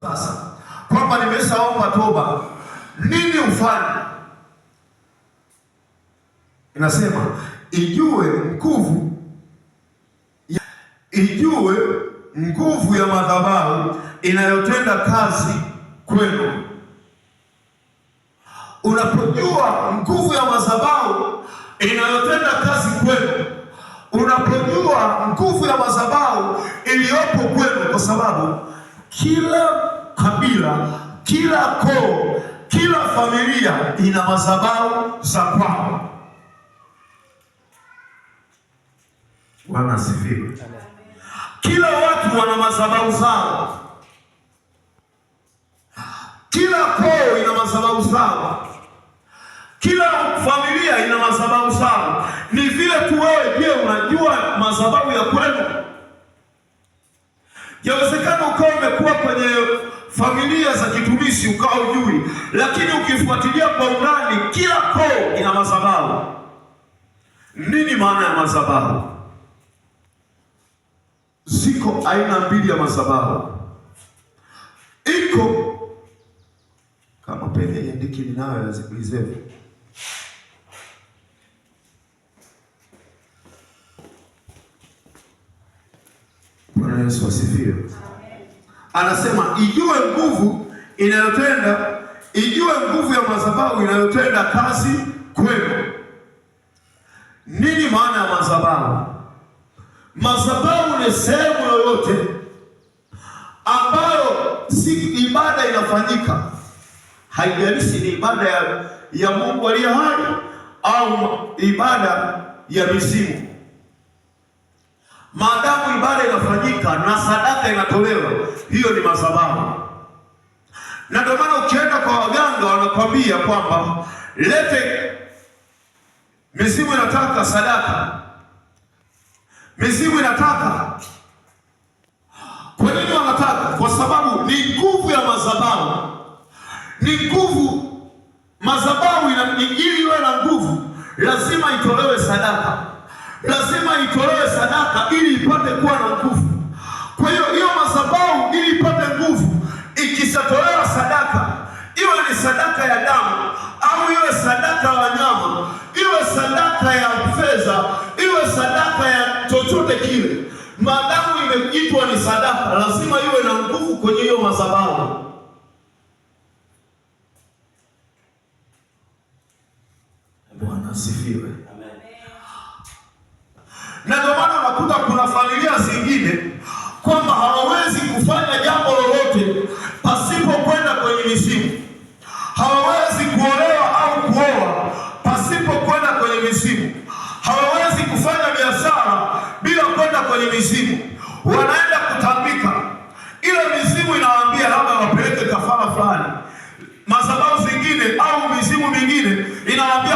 Sasa kwamba nimeshaomba toba, nini ufanye? Inasema ijue nguvu, ijue nguvu ya madhabahu inayotenda kazi kwenu. Unapojua nguvu ya madhabahu inayotenda kazi kwenu, unapojua nguvu ya madhabahu iliyopo kwenu, kwa sababu kila kabila, kila koo, kila familia ina madhabahu za kwao. Bwana asifiwe. Kila watu wana madhabahu zao, kila koo ina madhabahu zao, kila familia ina madhabahu zao. Ni vile tu wewe, je, unajua madhabahu ya kwenu? Yawezekana ukawa umekuwa kwenye familia za kitumishi ukawa ujui, lakini ukifuatilia kwa undani, kila koo ina madhabahu. Nini maana ya madhabahu? Ziko aina mbili ya madhabahu. Iko kama pende iandiki ninayo yazikulizeu Bwana Yesu asifiwe. Anasema ijue nguvu inayotenda, ijue nguvu ya madhabahu inayotenda kazi kwenu. Nini maana ya madhabahu? Madhabahu ni sehemu yoyote ambayo si ibada inafanyika, haijalishi ni ibada ya, ya Mungu aliye hai au ibada ya mizimu Maadamu ibada inafanyika na sadaka inatolewa, hiyo ni madhabahu. Na ndio maana ukienda kwa waganga wanakwambia kwamba lete mizimu, inataka sadaka, mizimu inataka. Kwa nini wanataka? Kwa sababu ni nguvu ya madhabahu, ni nguvu madhabahu. Ili iwe na nguvu, lazima itolewe sadaka, lazima itolewe sadaka ili ipate kuwa na nguvu. Kwa hiyo hiyo madhabahu ili ipate nguvu, ikishatolewa sadaka, iwe ni sadaka ya damu au iwe sadaka ya wanyama, iwe sadaka ya fedha, iwe sadaka ya chochote kile, maadamu imeitwa ni sadaka, lazima iwe na nguvu kwenye hiyo madhabahu. Bwana asifiwe. familia zingine kwamba hawawezi kufanya jambo lolote pasipo kwenda kwenye misimu. Hawawezi kuolewa au kuoa pasipo kwenda kwenye misimu. Hawawezi kufanya biashara bila kwenda kwenye misimu. Wanaenda kutambika, ile misimu inawaambia labda wapeleke kafara fulani, masababu zingine au misimu mingine inawaambia